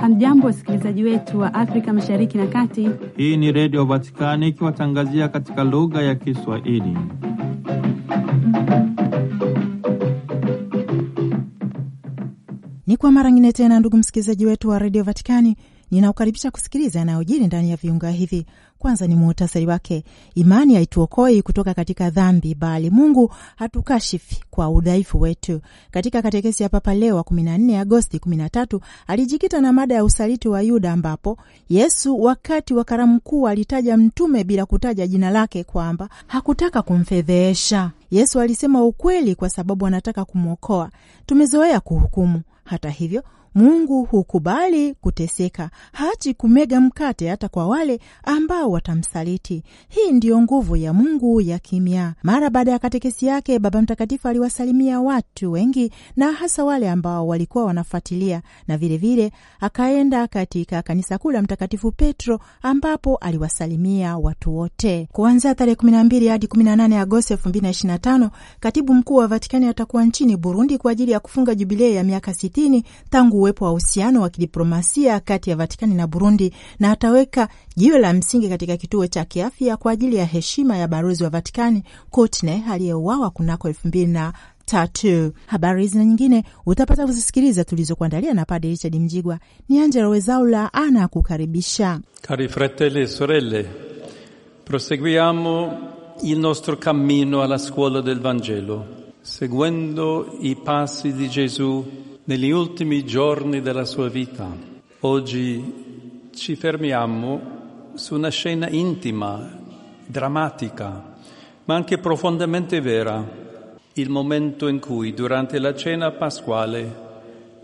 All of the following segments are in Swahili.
Hamjambo, wasikilizaji wetu wa Afrika mashariki na kati. Hii ni Redio Vatikani ikiwatangazia katika lugha ya Kiswahili. Ni kwa mara nyingine tena, ndugu msikilizaji wetu wa Redio Vatikani Ninaukaribisha kusikiliza yanayojiri ndani ya viunga hivi. Kwanza ni muhtasari wake. Imani haituokoi kutoka katika dhambi, bali Mungu hatukashifi kwa udhaifu wetu. Katika katekesi ya Papa Leo wa 14 Agosti 13 alijikita na mada ya usaliti wa Yuda, ambapo Yesu wakati wa karamu kuu alitaja mtume bila kutaja jina lake, kwamba hakutaka kumfedheesha. Yesu alisema ukweli kwa sababu anataka kumwokoa. Tumezoea kuhukumu hata hivyo Mungu hukubali kuteseka, hati kumega mkate hata kwa wale ambao watamsaliti. Hii ndiyo nguvu ya Mungu ya kimya. Mara baada ya katekesi yake, Baba Mtakatifu aliwasalimia watu wengi, na hasa wale ambao walikuwa wanafuatilia, na vilevile akaenda katika kanisa kuu la Mtakatifu Petro ambapo aliwasalimia watu wote. Kuanzia tarehe 12 hadi 18 Agosti 2025 katibu mkuu wa Vatikani atakuwa nchini Burundi kwa ajili ya kufunga jubilei ya miaka 60 tangu uwepo wa uhusiano wa kidiplomasia kati ya Vatikani na Burundi na ataweka jiwe la msingi katika kituo cha kiafya kwa ajili ya heshima ya balozi wa Vatikani Courtney aliyeuawa kunako elfu mbili na tatu. Habari hizi na nyingine utapata kuzisikiliza tulizokuandalia na Padre Richard Mjigwa. Ni Angela Wezaula ana kukaribisha. Cari fratelli e sorelle, proseguiamo il nostro cammino alla scuola del Vangelo seguendo i passi di Gesù negli ultimi giorni della sua vita. Oggi ci fermiamo su una scena intima, drammatica, ma anche profondamente vera, il momento in cui durante la cena pasquale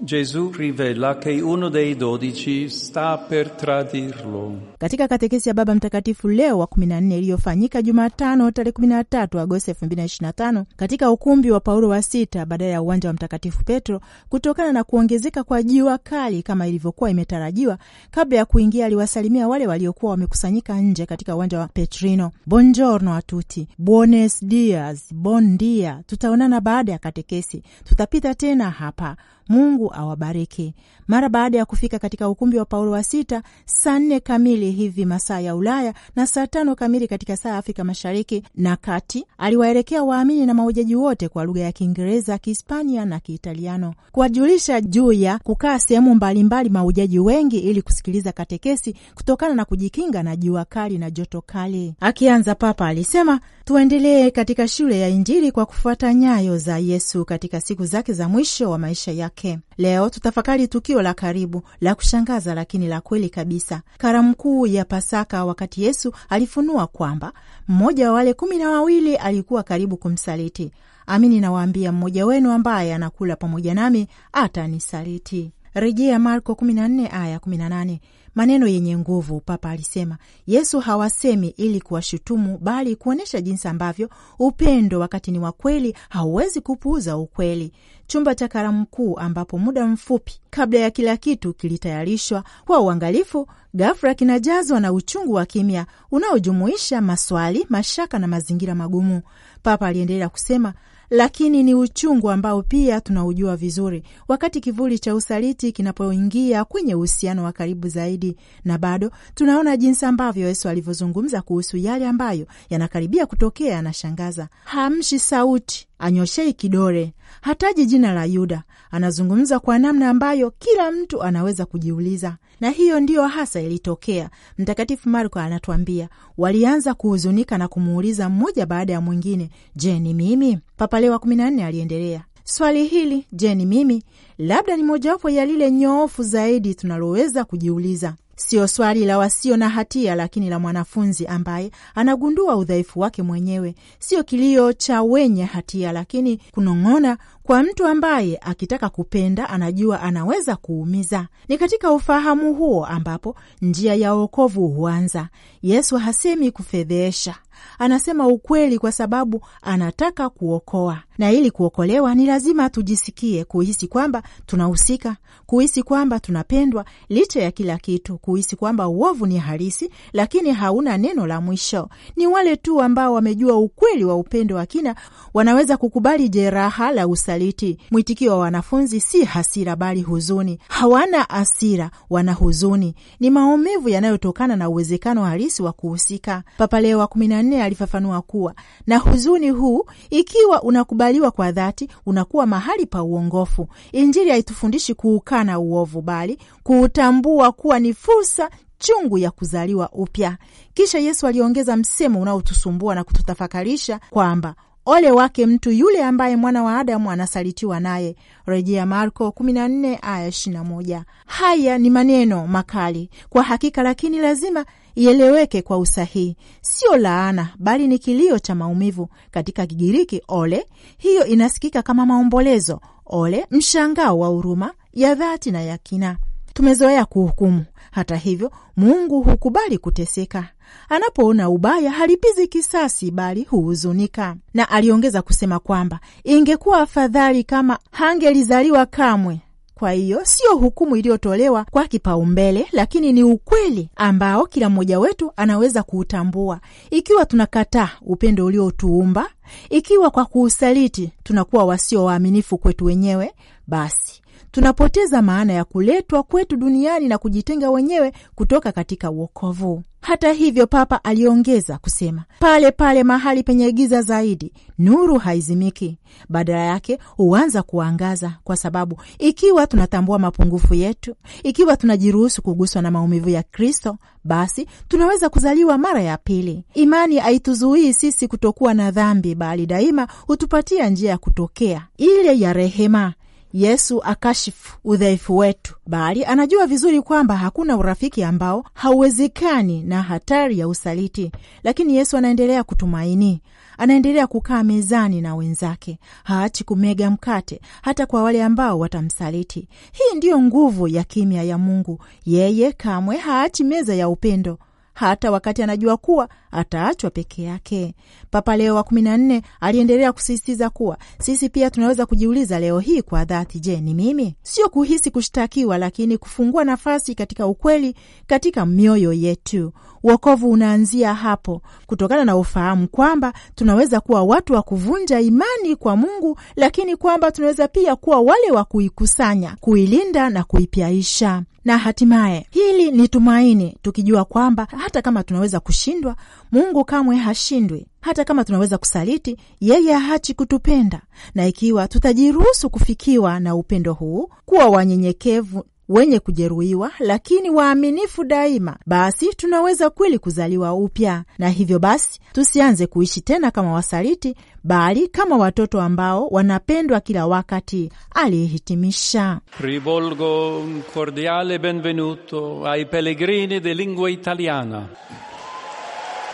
Gesù rivela che uno dei dodici sta per tradirlo. Katika katekesi ya Baba Mtakatifu Leo wa 14 iliyofanyika Jumatano tarehe 13 Agosti 2025 katika ukumbi wa Paulo wa sita badala ya uwanja wa Mtakatifu Petro, kutokana na kuongezeka kwa jua kali kama ilivyokuwa imetarajiwa, kabla ya kuingia aliwasalimia wale waliokuwa wamekusanyika nje katika uwanja wa Petrino. Bonjorno a tutti, buones dias, bon dia. Tutaonana baada ya katekesi, tutapita tena hapa. Mungu awabariki. Mara baada ya kufika katika ukumbi wa Paulo wa sita saa nne kamili hivi masaa ya Ulaya na saa tano kamili katika saa ya Afrika Mashariki na Kati, aliwaelekea waamini na mahujaji wote kwa lugha ya Kiingereza, Kihispania na Kiitaliano kuwajulisha juu ya kukaa sehemu mbalimbali mahujaji wengi ili kusikiliza katekesi kutokana na kujikinga na jua kali na joto kali. Akianza Papa alisema tuendelee katika shule ya Injili kwa kufuata nyayo za Yesu katika siku zake za mwisho wa maisha yake yake. Leo tutafakari tukio la karibu la kushangaza, lakini la kweli kabisa, karamu kuu ya Pasaka, wakati Yesu alifunua kwamba mmoja wa wale kumi na wawili alikuwa karibu kumsaliti. Amini nawaambia, mmoja wenu ambaye anakula pamoja nami atanisaliti. Rejea Marko 14 aya 18. Maneno yenye nguvu, Papa alisema. Yesu hawasemi ili kuwashutumu, bali kuonyesha jinsi ambavyo upendo wakati ni wa kweli hauwezi kupuuza ukweli. Chumba cha karamu kuu, ambapo muda mfupi kabla ya kila kitu kilitayarishwa kwa uangalifu, ghafla kinajazwa na uchungu wa kimya unaojumuisha maswali, mashaka na mazingira magumu. Papa aliendelea kusema, lakini ni uchungu ambao pia tunaujua vizuri, wakati kivuli cha usaliti kinapoingia kwenye uhusiano wa karibu zaidi. Na bado tunaona jinsi ambavyo Yesu alivyozungumza kuhusu yale ambayo yanakaribia kutokea. Anashangaza, hamshi sauti, anyoshei kidore hataji jina la Yuda. Anazungumza kwa namna ambayo kila mtu anaweza kujiuliza na hiyo ndiyo hasa ilitokea. Mtakatifu Marko anatuambia walianza kuhuzunika na kumuuliza mmoja baada ya mwingine, je, ni mimi? Papa Leo wa kumi na nne aliendelea swali hili, je, ni mimi, labda ni mojawapo ya lile nyoofu zaidi tunaloweza kujiuliza. Sio swali la wasio na hatia, lakini la mwanafunzi ambaye anagundua udhaifu wake mwenyewe. Sio kilio cha wenye hatia, lakini kunong'ona kwa mtu ambaye akitaka kupenda anajua anaweza kuumiza. Ni katika ufahamu huo ambapo njia ya wokovu huanza. Yesu hasemi kufedhesha, anasema ukweli kwa sababu anataka kuokoa, na ili kuokolewa ni lazima tujisikie, kuhisi kwamba tunahusika, kuhisi kwamba tunapendwa licha ya kila kitu, kuhisi kwamba uovu ni halisi lakini hauna neno la mwisho. Ni wale tu ambao wamejua ukweli wa upendo wa kina wanaweza kukubali jeraha la usa kumsaliti. Mwitikio wa wanafunzi si hasira, bali huzuni. Hawana hasira, wana huzuni, ni maumivu yanayotokana na uwezekano halisi wa kuhusika. Papa Leo wa kumi na nne alifafanua kuwa na huzuni huu, ikiwa unakubaliwa kwa dhati, unakuwa mahali pa uongofu. Injili haitufundishi kuukana uovu, bali kuutambua kuwa ni fursa chungu ya kuzaliwa upya. Kisha Yesu aliongeza msemo unaotusumbua na kututafakarisha kwamba Ole wake mtu yule ambaye mwana wa Adamu anasalitiwa naye, rejea Marko 14 aya 21. Haya ni maneno makali kwa hakika, lakini lazima ieleweke kwa usahihi. Sio laana, bali ni kilio cha maumivu. Katika Kigiriki ole hiyo inasikika kama maombolezo, ole, mshangao wa huruma ya dhati na yakina Tumezoea kuhukumu. Hata hivyo, Mungu hukubali kuteseka. Anapoona ubaya halipizi kisasi, bali huhuzunika. Na aliongeza kusema kwamba ingekuwa afadhali kama hangelizaliwa kamwe. Kwa hiyo siyo hukumu iliyotolewa kwa kipaumbele, lakini ni ukweli ambao kila mmoja wetu anaweza kuutambua. Ikiwa tunakataa upendo uliotuumba, ikiwa kwa kuusaliti tunakuwa wasio waaminifu kwetu wenyewe, basi tunapoteza maana ya kuletwa kwetu duniani na kujitenga wenyewe kutoka katika uokovu. Hata hivyo, Papa aliongeza kusema, pale pale mahali penye giza zaidi, nuru haizimiki, badala yake huanza kuangaza, kwa sababu ikiwa tunatambua mapungufu yetu, ikiwa tunajiruhusu kuguswa na maumivu ya Kristo, basi tunaweza kuzaliwa mara ya pili. Imani haituzuii sisi kutokuwa na dhambi, bali daima hutupatia njia ya kutokea ile ya rehema Yesu akashifu udhaifu wetu, bali anajua vizuri kwamba hakuna urafiki ambao hauwezekani na hatari ya usaliti. Lakini Yesu anaendelea kutumaini, anaendelea kukaa mezani na wenzake, haachi kumega mkate hata kwa wale ambao watamsaliti. Hii ndiyo nguvu ya kimya ya Mungu. Yeye kamwe haachi meza ya upendo hata wakati anajua kuwa ataachwa peke yake. Papa Leo wa kumi na nne aliendelea kusisitiza kuwa sisi pia tunaweza kujiuliza leo hii kwa dhati, je, ni mimi? Sio kuhisi kushtakiwa, lakini kufungua nafasi katika ukweli katika mioyo yetu. Wokovu unaanzia hapo, kutokana na ufahamu kwamba tunaweza kuwa watu wa kuvunja imani kwa Mungu, lakini kwamba tunaweza pia kuwa wale wa kuikusanya, kuilinda na kuipyaisha na hatimaye hili ni tumaini, tukijua kwamba hata kama tunaweza kushindwa, Mungu kamwe hashindwi. Hata kama tunaweza kusaliti, yeye haachi kutupenda. Na ikiwa tutajiruhusu kufikiwa na upendo huu, kuwa wanyenyekevu wenye kujeruhiwa, lakini waaminifu daima, basi tunaweza kweli kuzaliwa upya. Na hivyo basi tusianze kuishi tena kama wasaliti, bali kama watoto ambao wanapendwa kila wakati, aliyehitimisha. Rivolgo un cordiale benvenuto ai pellegrini di lingua italiana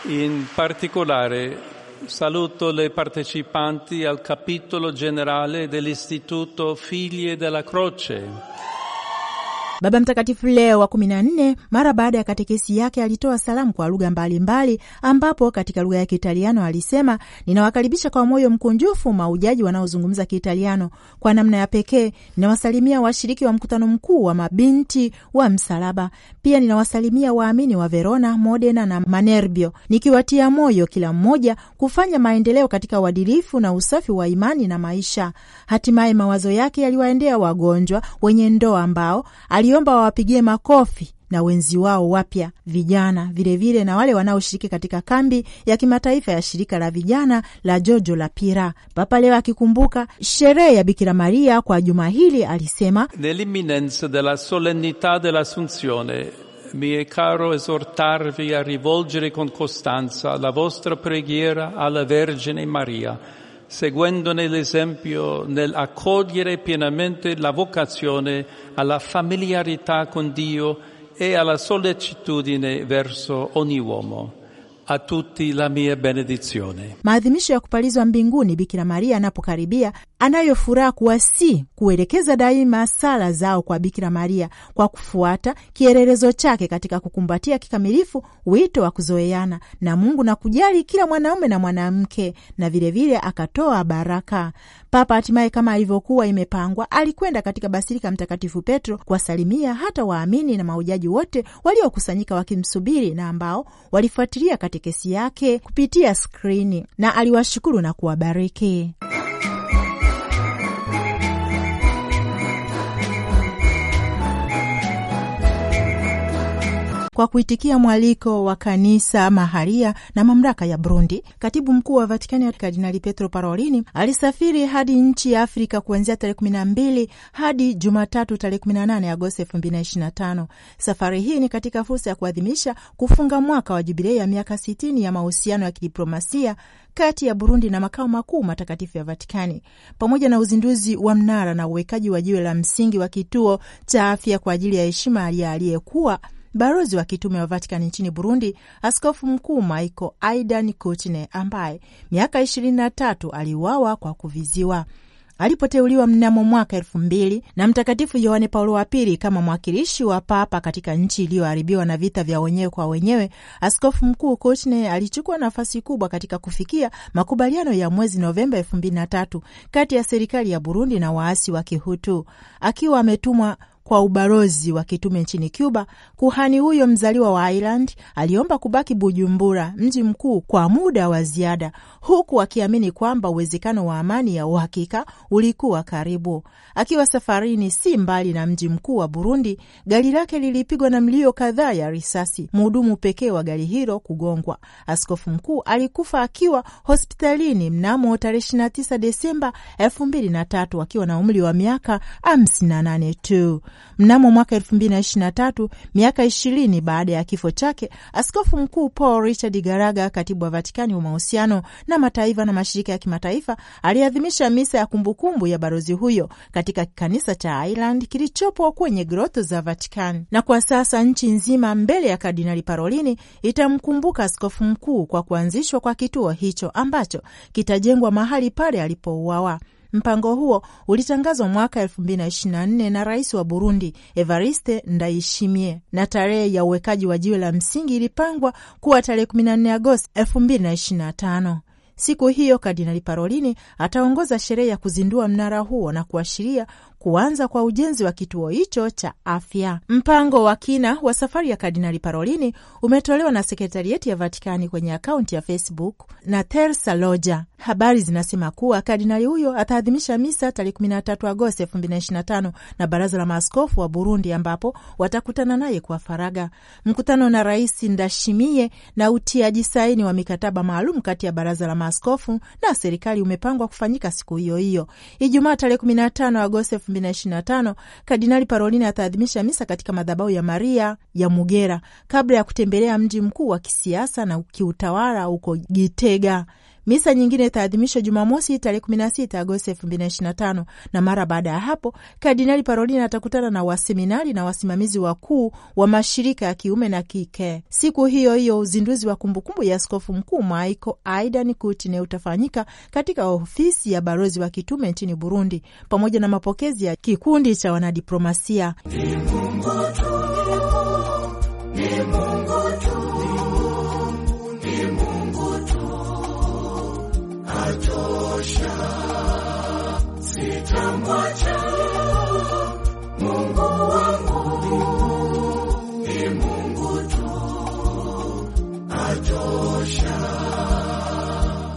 in particolare Saluto le partecipanti al capitolo generale dell'Istituto Figlie della Croce. Baba Mtakatifu Leo wa kumi na nne, mara baada ya katekesi yake, alitoa salamu kwa lugha mbalimbali, ambapo katika lugha ya Kiitaliano alisema, ninawakaribisha kwa moyo mkunjufu maujaji wanaozungumza Kiitaliano. Kwa namna ya pekee ninawasalimia washiriki wa mkutano mkuu wa mabinti wa msalaba. Pia ninawasalimia waamini wa Verona, Modena na Manerbio, nikiwatia moyo kila mmoja kufanya maendeleo katika uadilifu na usafi wa imani na maisha. Hatimaye mawazo yake yaliwaendea wagonjwa wenye ndoa ambao ali Waliomba wawapigie makofi na wenzi wao wapya vijana vilevile na wale wanaoshiriki katika kambi ya kimataifa ya shirika la vijana la Jojo la Pira. Papa leo akikumbuka sherehe ya Bikira Maria kwa juma hili alisema, nell'imminenza della solennità dell'assunzione mi è caro esortarvi a rivolgere con costanza la vostra preghiera alla Vergine Maria seguendone l'esempio nell'accogliere pienamente la vocazione alla familiarità con Dio e alla sollecitudine verso ogni uomo. a tutti la mia benedizione. Maadhimisho ya kupalizwa mbinguni Bikira Maria anapokaribia, anayo furaha kuwasi kuelekeza daima sala zao kwa Bikira Maria kwa kufuata kielelezo chake katika kukumbatia kikamilifu wito wa kuzoeana na Mungu na kujali kila mwanaume na mwanamke, na vilevile vile akatoa baraka. Papa hatimaye, kama alivyokuwa imepangwa, alikwenda katika Basilika Mtakatifu Petro kuwasalimia hata waamini na maujaji wote waliokusanyika wakimsubiri na ambao walifuatilia katika katekesi yake kupitia skrini na aliwashukuru na kuwabariki. Kwa kuitikia mwaliko wa kanisa maharia na mamlaka ya Burundi, katibu mkuu wa Vatikani Kardinali Petro Parolini alisafiri hadi nchi ya Afrika kuanzia tarehe kumi na mbili hadi Jumatatu tarehe kumi na nane Agosti elfu mbili na ishirini na tano. Safari hii ni katika fursa ya kuadhimisha kufunga mwaka wa jubilei ya miaka sitini ya mahusiano ya kidiplomasia kati ya Burundi na makao makuu matakatifu ya Vatikani pamoja na uzinduzi wa mnara na uwekaji wa jiwe la msingi wa kituo cha afya kwa ajili ya heshima ya aliyekuwa Balozi wa kitume wa Vatikani nchini Burundi, askofu mkuu Michael Aidan Kutine, ambaye miaka 23 aliuawa kwa kuviziwa alipoteuliwa mnamo mwaka elfu mbili na Mtakatifu Yohane Paulo wa Pili kama mwakilishi wa Papa katika nchi iliyoharibiwa na vita vya wenyewe kwa wenyewe, askofu mkuu Kutine alichukua nafasi kubwa katika kufikia makubaliano ya mwezi Novemba elfu mbili na tatu kati ya serikali ya Burundi na waasi wa Kihutu akiwa ametumwa kwa ubalozi wa kitume nchini Cuba, kuhani huyo mzaliwa wa Ireland aliomba kubaki Bujumbura, mji mkuu, kwa muda wa ziada, huku akiamini kwamba uwezekano wa amani ya uhakika ulikuwa karibu. Akiwa safarini si mbali na mji mkuu wa Burundi, gari lake lilipigwa na mlio kadhaa ya risasi, mhudumu pekee wa gari hilo kugongwa. Askofu mkuu alikufa akiwa hospitalini mnamo tarehe 29 Desemba 2003 akiwa na umri wa miaka 58 tu. Mnamo mwaka 2023 miaka ishirini baada ya kifo chake, askofu mkuu Paul Richard Garaga, katibu wa Vatikani wa mahusiano na mataifa na mashirika ya kimataifa, aliadhimisha misa ya kumbukumbu ya barozi huyo katika kanisa cha Ireland kilichopo kwenye groto za Vatikani. Na kwa sasa nchi nzima mbele ya Kardinali Parolini itamkumbuka askofu mkuu kwa kuanzishwa kwa kituo hicho ambacho kitajengwa mahali pale alipouawa. Mpango huo ulitangazwa mwaka 2024 na rais wa Burundi Evariste Ndayishimiye, na tarehe ya uwekaji wa jiwe la msingi ilipangwa kuwa tarehe 14 Agosti 2025. Siku hiyo Kardinali Parolini ataongoza sherehe ya kuzindua mnara huo na kuashiria kuanza kwa ujenzi wa kituo hicho cha afya. Mpango wa kina wa safari ya Kardinali Parolini umetolewa na sekretarieti ya Vatikani kwenye akaunti ya Facebook na Tersa Loja Habari zinasema kuwa kardinali huyo ataadhimisha misa tarehe 13 Agosti 2025 na baraza la maaskofu wa Burundi, ambapo watakutana naye kwa faraga Mkutano na Rais Ndashimie na utiaji saini wa mikataba maalum kati ya baraza la maaskofu na serikali umepangwa kufanyika siku hiyo hiyo, Ijumaa tarehe 15 Agosti 2025. Kardinali Parolin ataadhimisha misa katika madhabahu ya Maria ya Mugera kabla ya kutembelea mji mkuu wa kisiasa na kiutawala huko Gitega. Misa nyingine itaadhimishwa Jumamosi tarehe 16 Agosti 2025 na mara baada ya hapo Kardinali Parolin atakutana na waseminari na wasimamizi wakuu wa mashirika ya kiume na kike. Siku hiyo hiyo uzinduzi wa kumbukumbu ya askofu mkuu Michael Aidan Kutine utafanyika katika ofisi ya balozi wa kitume nchini Burundi pamoja na mapokezi ya kikundi cha wanadiplomasia watch out.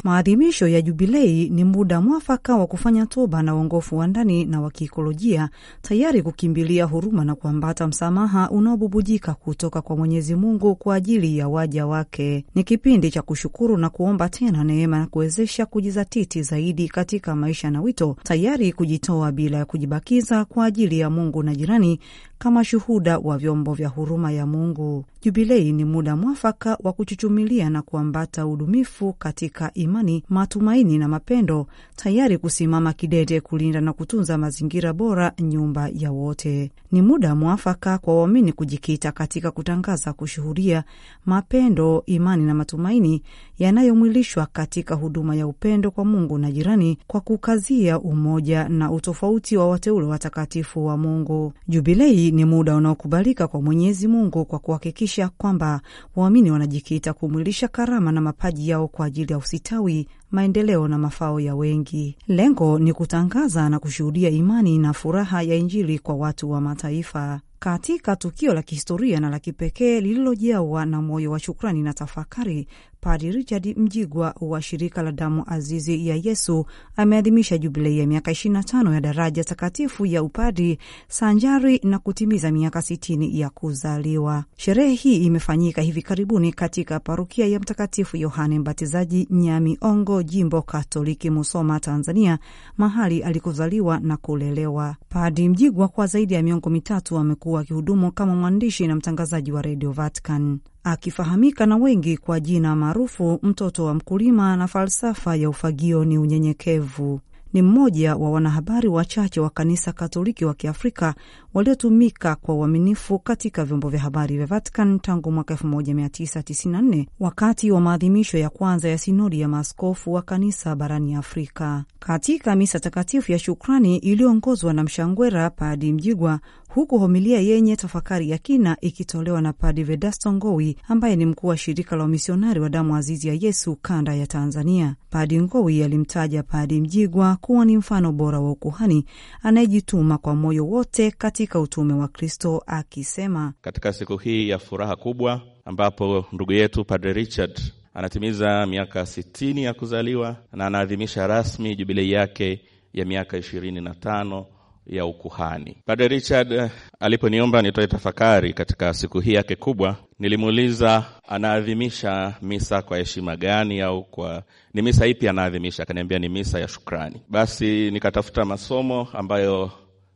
Maadhimisho ya jubilei ni muda mwafaka wa kufanya toba na uongofu wa ndani na wa kiikolojia, tayari kukimbilia huruma na kuambata msamaha unaobubujika kutoka kwa Mwenyezi Mungu kwa ajili ya waja wake. Ni kipindi cha kushukuru na kuomba tena neema na kuwezesha kujizatiti zaidi katika maisha na wito, tayari kujitoa bila ya kujibakiza kwa ajili ya Mungu na jirani, kama shuhuda wa vyombo vya huruma ya Mungu. Jubilei ni muda mwafaka wa kuchuchumilia na kuambata udumifu katika imani, matumaini na mapendo, tayari kusimama kidete kulinda na kutunza mazingira bora, nyumba ya wote. Ni muda mwafaka kwa waamini kujikita katika kutangaza, kushuhudia mapendo, imani na matumaini yanayomwilishwa katika huduma ya upendo kwa Mungu na jirani, kwa kukazia umoja na utofauti wa wateule watakatifu wa Mungu. Jubilei ni muda unaokubalika kwa Mwenyezi Mungu kwa kuhakikisha kwamba waamini wanajikita kumwilisha karama na mapaji yao kwa ajili ya usitawi maendeleo na mafao ya wengi. Lengo ni kutangaza na kushuhudia imani na furaha ya Injili kwa watu wa mataifa katika tukio la kihistoria na la kipekee lililojawa na moyo wa shukrani na tafakari, Padri Richard Mjigwa wa shirika la damu azizi ya Yesu ameadhimisha jubilei ya miaka 25 ya daraja takatifu ya upadri sanjari na kutimiza miaka 60 ya kuzaliwa. Sherehe hii imefanyika hivi karibuni katika parokia ya Mtakatifu Yohane Mbatizaji Nyami Ongo jimbo Katoliki Musoma, Tanzania, mahali alikuzaliwa na kulelewa. Padi Mjigwa kwa zaidi ya miongo mitatu amekuwa akihudumu kama mwandishi na mtangazaji wa redio Vatican, akifahamika na wengi kwa jina maarufu mtoto wa mkulima, na falsafa ya ufagio ni unyenyekevu ni mmoja wa wanahabari wachache wa kanisa Katoliki wa Kiafrika waliotumika kwa uaminifu katika vyombo vya habari vya Vatican tangu mwaka 1994 wakati wa maadhimisho ya kwanza ya sinodi ya maaskofu wa kanisa barani Afrika. Katika misa takatifu ya shukrani iliyoongozwa na mshangwera Padi Mjigwa, huku homilia yenye tafakari ya kina ikitolewa na Padi Vedasto Ngowi ambaye ni mkuu wa shirika la wamisionari wa damu azizi ya Yesu kanda ya Tanzania. Padi Ngowi alimtaja Padi Mjigwa kuwa ni mfano bora wa ukuhani anayejituma kwa moyo wote kati katika utume wa Kristo akisema, katika siku hii ya furaha kubwa ambapo ndugu yetu Padre Richard anatimiza miaka sitini ya kuzaliwa na anaadhimisha rasmi jubilei yake ya miaka ishirini na tano ya ukuhani. Padre Richard eh, aliponiomba nitoe tafakari katika siku hii yake kubwa, nilimuuliza anaadhimisha misa kwa heshima gani au kwa ni misa ipi anaadhimisha? Akaniambia ni misa ya shukrani. Basi nikatafuta masomo ambayo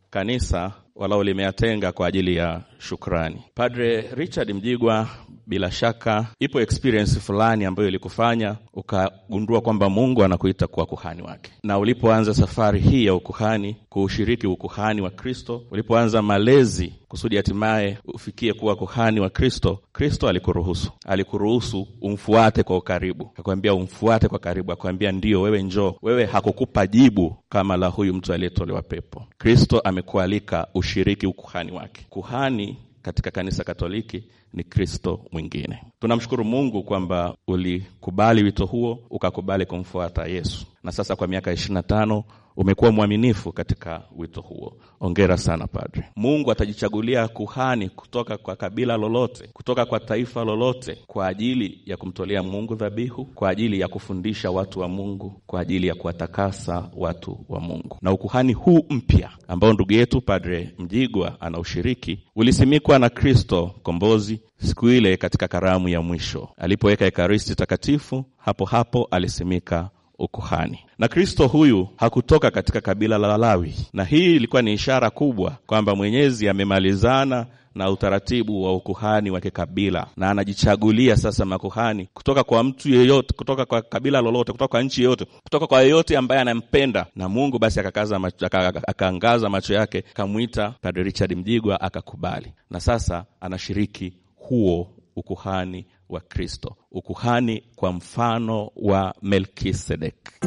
kanisa walau limeyatenga kwa ajili ya shukrani. Padre Richard Mjigwa, bila shaka ipo experience fulani ambayo ilikufanya ukagundua kwamba Mungu anakuita kuwa kuhani wake, na ulipoanza safari hii ya ukuhani, kuushiriki ukuhani wa Kristo, ulipoanza malezi kusudi hatimaye ufikie kuwa kuhani wa Kristo, Kristo alikuruhusu, alikuruhusu umfuate kwa ukaribu, akwambia umfuate kwa karibu, akwambia ndio wewe, njoo wewe. Hakukupa jibu kama la huyu mtu aliyetolewa pepo. Kristo amekualika ushiriki ukuhani wake. Kuhani katika kanisa Katoliki ni Kristo mwingine. Tunamshukuru Mungu kwamba ulikubali wito huo ukakubali kumfuata Yesu, na sasa kwa miaka ishirini na tano umekuwa mwaminifu katika wito huo, ongera sana padre. Mungu atajichagulia kuhani kutoka kwa kabila lolote, kutoka kwa taifa lolote, kwa ajili ya kumtolea Mungu dhabihu, kwa ajili ya kufundisha watu wa Mungu, kwa ajili ya kuwatakasa watu wa Mungu. Na ukuhani huu mpya ambao ndugu yetu Padre Mjigwa anaushiriki ulisimikwa na Kristo Kombozi siku ile katika karamu ya mwisho alipoweka Ekaristi Takatifu. Hapo hapo alisimika ukuhani. Na Kristo huyu hakutoka katika kabila la Lawi, na hii ilikuwa ni ishara kubwa kwamba Mwenyezi amemalizana na utaratibu wa ukuhani wa kikabila na anajichagulia sasa makuhani kutoka kwa mtu yeyote, kutoka kwa kabila lolote, kutoka kwa nchi yoyote, kutoka kwa yeyote ambaye anampenda. Na Mungu basi akakaza macho, akaangaza macho yake, akamwita Padre Richard Mjigwa, akakubali, na sasa anashiriki huo ukuhani wa Kristo, ukuhani kwa mfano wa Melkisedek.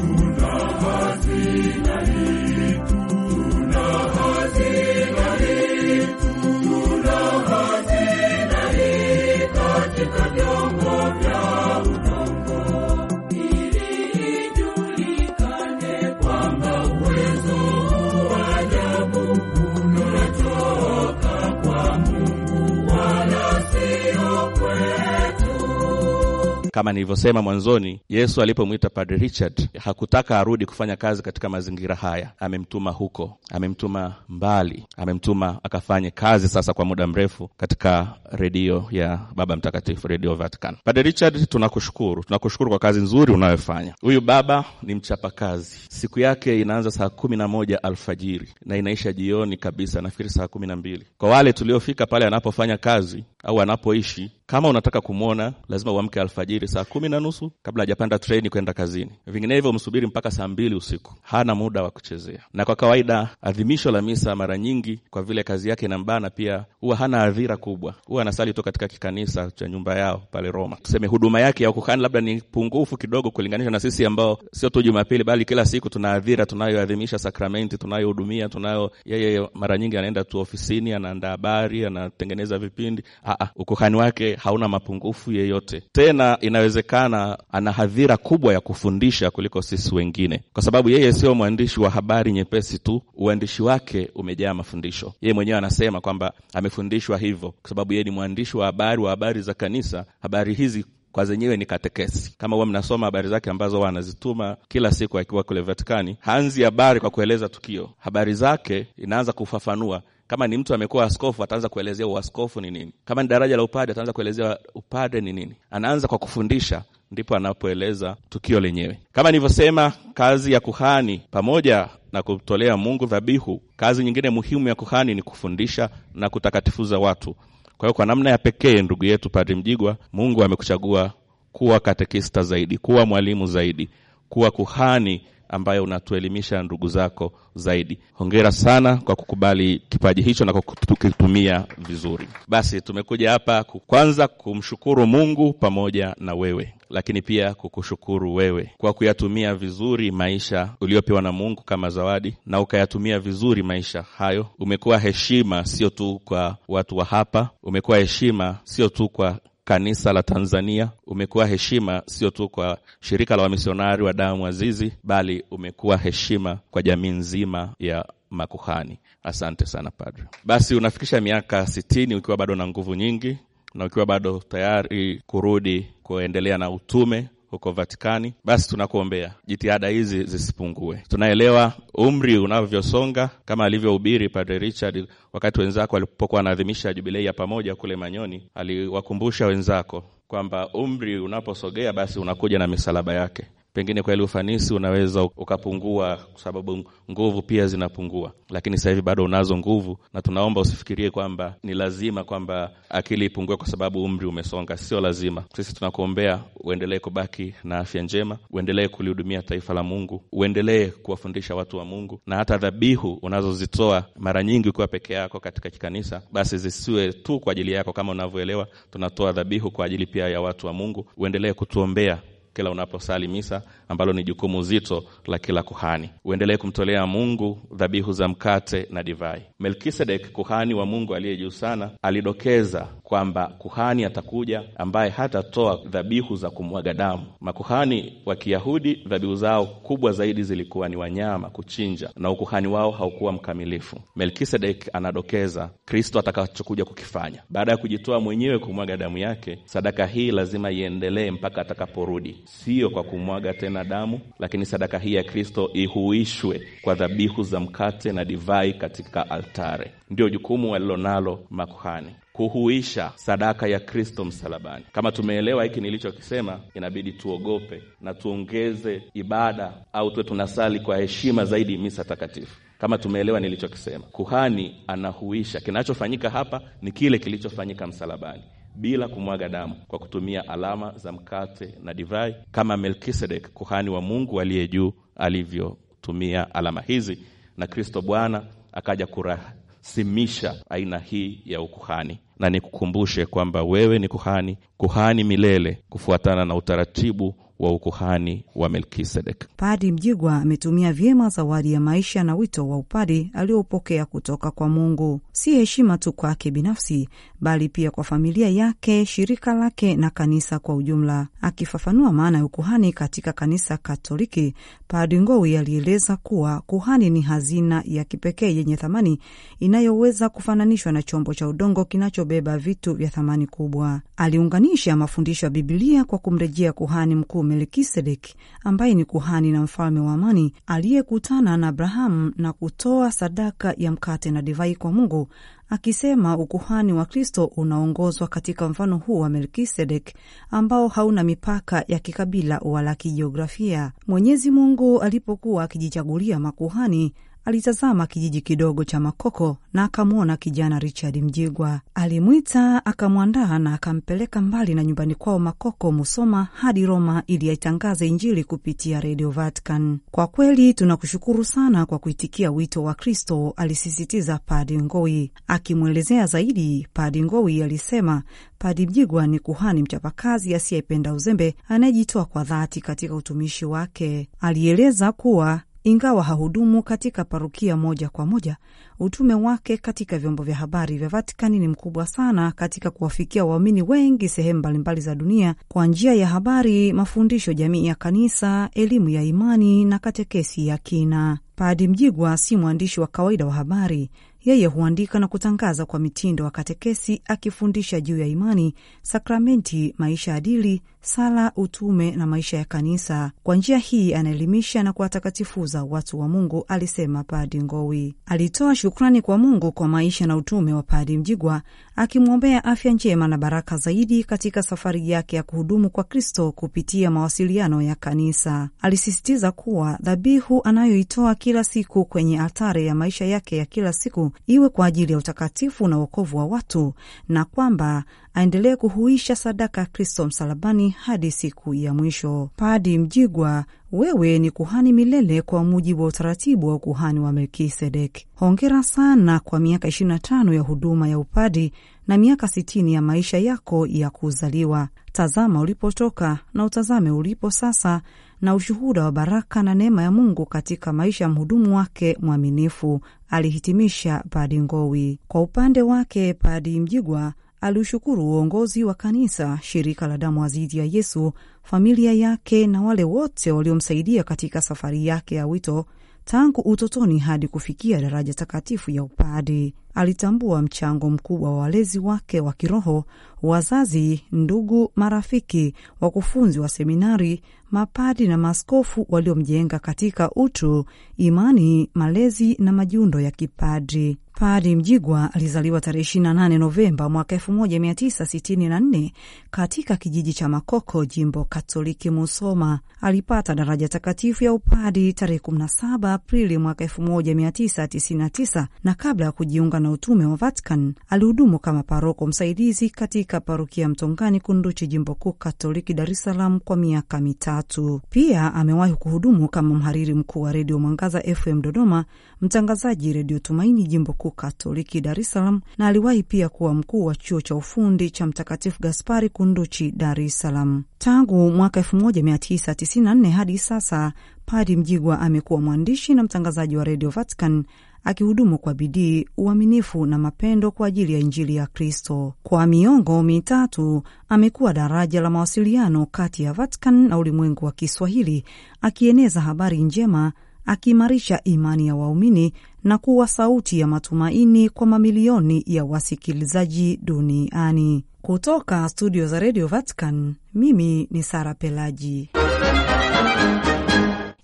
Kama nilivyosema mwanzoni, Yesu alipomwita Padre Richard hakutaka arudi kufanya kazi katika mazingira haya. Amemtuma huko, amemtuma mbali, amemtuma akafanye kazi sasa kwa muda mrefu katika redio ya Baba Mtakatifu, Redio Vatican. Padre Richard, tunakushukuru, tunakushukuru kwa kazi nzuri unayofanya. Huyu baba ni mchapakazi. Siku yake inaanza saa kumi na moja alfajiri na inaisha jioni kabisa, nafikiri saa kumi na mbili. Kwa wale tuliofika pale anapofanya kazi au anapoishi. Kama unataka kumwona, lazima uamke alfajiri saa kumi na nusu kabla hajapanda treni kwenda kazini, vinginevyo umsubiri mpaka saa mbili usiku. Hana muda wa kuchezea. Na kwa kawaida adhimisho la misa mara nyingi, kwa vile kazi yake inambana, pia huwa hana adhira kubwa, huwa anasali tu katika kikanisa cha nyumba yao pale Roma. Tuseme huduma yake ya ukuhani labda ni pungufu kidogo kulinganisha na sisi ambao sio tu Jumapili bali kila siku tuna adhira tunayoadhimisha, sakramenti tunayohudumia, tunayo. Yeye mara nyingi anaenda tu ofisini, anaandaa habari, anatengeneza vipindi Aa, ah, ah, ukuhani wake hauna mapungufu yeyote. Tena inawezekana ana hadhira kubwa ya kufundisha kuliko sisi wengine, kwa sababu yeye sio mwandishi wa habari nyepesi tu. Uandishi wake umejaa mafundisho. Yeye mwenyewe anasema kwamba amefundishwa hivyo kwa sababu yeye ni mwandishi wa habari wa habari za kanisa. Habari hizi kwa zenyewe ni katekesi. Kama huwa mnasoma habari zake ambazo huwa anazituma kila siku akiwa kule Vatikani, haanzi habari kwa kueleza tukio. Habari zake inaanza kufafanua kama ni mtu amekuwa askofu, ataanza kuelezea uaskofu ni nini. Kama ni daraja la upadre, ataanza kuelezea upadre ni nini. Anaanza kwa kufundisha, ndipo anapoeleza tukio lenyewe. Kama nilivyosema, kazi ya kuhani pamoja na kutolea Mungu dhabihu, kazi nyingine muhimu ya kuhani ni kufundisha na kutakatifuza watu. Kwa hiyo, kwa namna ya pekee, ndugu yetu Padri Mjigwa, Mungu amekuchagua kuwa katekista zaidi, kuwa mwalimu zaidi, kuwa kuhani ambayo unatuelimisha ndugu zako zaidi. Hongera sana kwa kukubali kipaji hicho na kwa kukitumia vizuri. Basi tumekuja hapa kwanza kumshukuru Mungu pamoja na wewe, lakini pia kukushukuru wewe kwa kuyatumia vizuri maisha uliyopewa na Mungu kama zawadi, na ukayatumia vizuri maisha hayo. Umekuwa heshima sio tu kwa watu wa hapa, umekuwa heshima sio tu kwa kanisa la Tanzania, umekuwa heshima sio tu kwa shirika la wamisionari wa damu azizi, bali umekuwa heshima kwa jamii nzima ya makuhani. Asante sana padre. Basi unafikisha miaka sitini ukiwa bado na nguvu nyingi na ukiwa bado tayari kurudi kuendelea na utume huko Vatikani. Basi tunakuombea jitihada hizi zisipungue. Tunaelewa umri unavyosonga, kama alivyohubiri Padre Richard wakati wenzako walipokuwa wanaadhimisha jubilei ya pamoja kule Manyoni, aliwakumbusha wenzako kwamba umri unaposogea basi unakuja na misalaba yake pengine kwa ile ufanisi unaweza ukapungua, kwa sababu nguvu pia zinapungua, lakini sasa hivi bado unazo nguvu, na tunaomba usifikirie kwamba ni lazima kwamba akili ipungue kwa sababu umri umesonga. Sio lazima. Sisi tunakuombea uendelee kubaki na afya njema, uendelee kulihudumia taifa la Mungu, uendelee kuwafundisha watu wa Mungu, na hata dhabihu unazozitoa mara nyingi ukiwa peke yako katika kikanisa, basi zisiwe tu kwa ajili yako. Kama unavyoelewa, tunatoa dhabihu kwa ajili pia ya watu wa Mungu. Uendelee kutuombea kila unaposali misa, ambalo ni jukumu zito la kila kuhani. Uendelee kumtolea Mungu dhabihu za mkate na divai. Melkisedek, kuhani wa Mungu aliye juu sana, alidokeza kwamba kuhani atakuja ambaye hatatoa dhabihu za kumwaga damu. Makuhani wa Kiyahudi dhabihu zao kubwa zaidi zilikuwa ni wanyama kuchinja, na ukuhani wao haukuwa mkamilifu. Melkisedek anadokeza Kristo atakachokuja kukifanya baada ya kujitoa mwenyewe kumwaga damu yake. Sadaka hii lazima iendelee mpaka atakaporudi, siyo kwa kumwaga tena damu, lakini sadaka hii ya Kristo ihuishwe kwa dhabihu za mkate na divai katika altare. Ndio jukumu nalo makuhani huhuisha sadaka ya Kristo msalabani. Kama tumeelewa hiki nilichokisema, inabidi tuogope na tuongeze ibada au tuwe tunasali kwa heshima zaidi misa takatifu. Kama tumeelewa nilichokisema, kuhani anahuisha. Kinachofanyika hapa ni kile kilichofanyika msalabani bila kumwaga damu kwa kutumia alama za mkate na divai, kama Melkisedek kuhani wa Mungu aliye juu alivyotumia alama hizi, na Kristo Bwana akaja kura, kusimisha aina hii ya ukuhani. Na nikukumbushe kwamba wewe ni kuhani, kuhani milele kufuatana na utaratibu wa ukuhani wa Melkisedek. Padi Mjigwa ametumia vyema zawadi ya maisha na wito wa upadi aliopokea kutoka kwa Mungu. Si heshima tu kwake binafsi, bali pia kwa familia yake, shirika lake na kanisa kwa ujumla. Akifafanua maana ya ukuhani katika kanisa Katoliki, Padi Ngowi alieleza kuwa kuhani ni hazina ya kipekee yenye thamani inayoweza kufananishwa na chombo cha udongo kinachobeba vitu vya thamani kubwa. Aliunganisha mafundisho ya Bibilia kwa kumrejea kuhani mkuu Melkisedek ambaye ni kuhani na mfalme wa amani aliyekutana na Abrahamu na kutoa sadaka ya mkate na divai kwa Mungu, akisema ukuhani wa Kristo unaongozwa katika mfano huu wa Melkisedek ambao hauna mipaka ya kikabila wala kijiografia. Mwenyezi Mungu alipokuwa akijichagulia makuhani alitazama kijiji kidogo cha Makoko na akamwona kijana Richard Mjigwa. Alimwita, akamwandaa na akampeleka mbali na nyumbani kwao Makoko, Musoma hadi Roma ili aitangaze Injili kupitia redio Vatican. Kwa kweli tunakushukuru sana kwa kuitikia wito wa Kristo, alisisitiza Padi Ngoi. Akimwelezea zaidi, Padi Ngoi alisema Padi Mjigwa ni kuhani mchapakazi asiyependa uzembe, anayejitoa kwa dhati katika utumishi wake. Alieleza kuwa ingawa hahudumu katika parukia moja kwa moja, utume wake katika vyombo vya habari vya Vatikani ni mkubwa sana katika kuwafikia waumini wengi sehemu mbalimbali za dunia kwa njia ya habari, mafundisho, jamii ya kanisa, elimu ya imani na katekesi ya kina. Padi Mjigwa si mwandishi wa kawaida wa habari. Yeye huandika na kutangaza kwa mitindo wa katekesi, akifundisha juu ya imani, sakramenti, maisha adili, sala, utume na maisha ya kanisa. Kwa njia hii anaelimisha na kuwatakatifuza watu wa Mungu, alisema Padi Ngowi. Alitoa shukrani kwa Mungu kwa maisha na utume wa Padi Mjigwa, akimwombea afya njema na baraka zaidi katika safari yake ya kuhudumu kwa Kristo kupitia mawasiliano ya kanisa. Alisisitiza kuwa dhabihu anayoitoa kila siku kwenye altare ya maisha yake ya kila siku iwe kwa ajili ya utakatifu na wokovu wa watu na kwamba aendelee kuhuisha sadaka ya Kristo msalabani hadi siku ya mwisho. Padi Mjigwa, wewe ni kuhani milele kwa mujibu wa utaratibu wa ukuhani wa Melkisedek. Hongera sana kwa miaka 25 ya huduma ya upadi na miaka 60 ya maisha yako ya kuzaliwa. Tazama ulipotoka na utazame ulipo sasa, na ushuhuda wa baraka na neema ya Mungu katika maisha ya mhudumu wake mwaminifu, alihitimisha Padi Ngowi. Kwa upande wake Padi Mjigwa aliushukuru uongozi wa kanisa, shirika la damu azizi ya Yesu, familia yake na wale wote waliomsaidia katika safari yake ya wito tangu utotoni hadi kufikia daraja takatifu ya upadi. Alitambua mchango mkubwa wa walezi wake wa kiroho, wazazi, ndugu, marafiki, wakufunzi wa seminari, mapadi na maaskofu waliomjenga katika utu, imani, malezi na majiundo ya kipadri. Padi Mjigwa alizaliwa tarehe 28 Novemba mwaka 1964 katika kijiji cha Makoko, jimbo Katoliki Musoma. Alipata daraja takatifu ya upadi tarehe 17 Aprili mwaka 1999 na kabla ya kujiunga na utume wa Vatican alihudumu kama paroko msaidizi katika parokia Mtongani Kunduchi, jimbo kuu Katoliki Dar es Salaam kwa miaka mitatu. Pia amewahi kuhudumu kama mhariri mkuu wa redio Mwangaza FM Dodoma, mtangazaji redio Tumaini jimbo kuu Kuu Katoliki Dar es Salaam na aliwahi pia kuwa mkuu wa chuo cha ufundi cha Mtakatifu Gaspari Kunduchi Dar es Salaam. Tangu mwaka 1994 hadi sasa, Padi Mjigwa amekuwa mwandishi na mtangazaji wa redio Vatican akihudumu kwa bidii, uaminifu na mapendo kwa ajili ya Injili ya Kristo. Kwa miongo mitatu amekuwa daraja la mawasiliano kati ya Vatican na ulimwengu wa Kiswahili, akieneza habari njema akiimarisha imani ya waumini na kuwa sauti ya matumaini kwa mamilioni ya wasikilizaji duniani. Kutoka studio za Radio Vatican, mimi ni Sara Pelaji.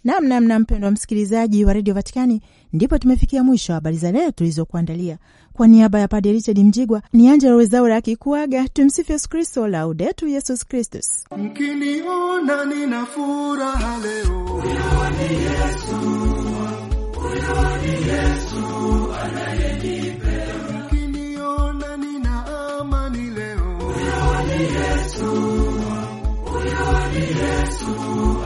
Namnamna mpendwa msikilizaji wa redio Vatikani, ndipo tumefikia mwisho wa habari za leo tulizokuandalia. Kwa niaba ya Padre Richard Mjigwa ni Angela Wezaura akikuaga. Tumsifu Yesu Kristo, laudetu Yesus Kristus. Mkiniona nina furaha leo, huyo ni Yesu, huyo ni Yesu anayenipenda. Mkiniona nina amani leo, huyo ni Yesu, huyo ni Yesu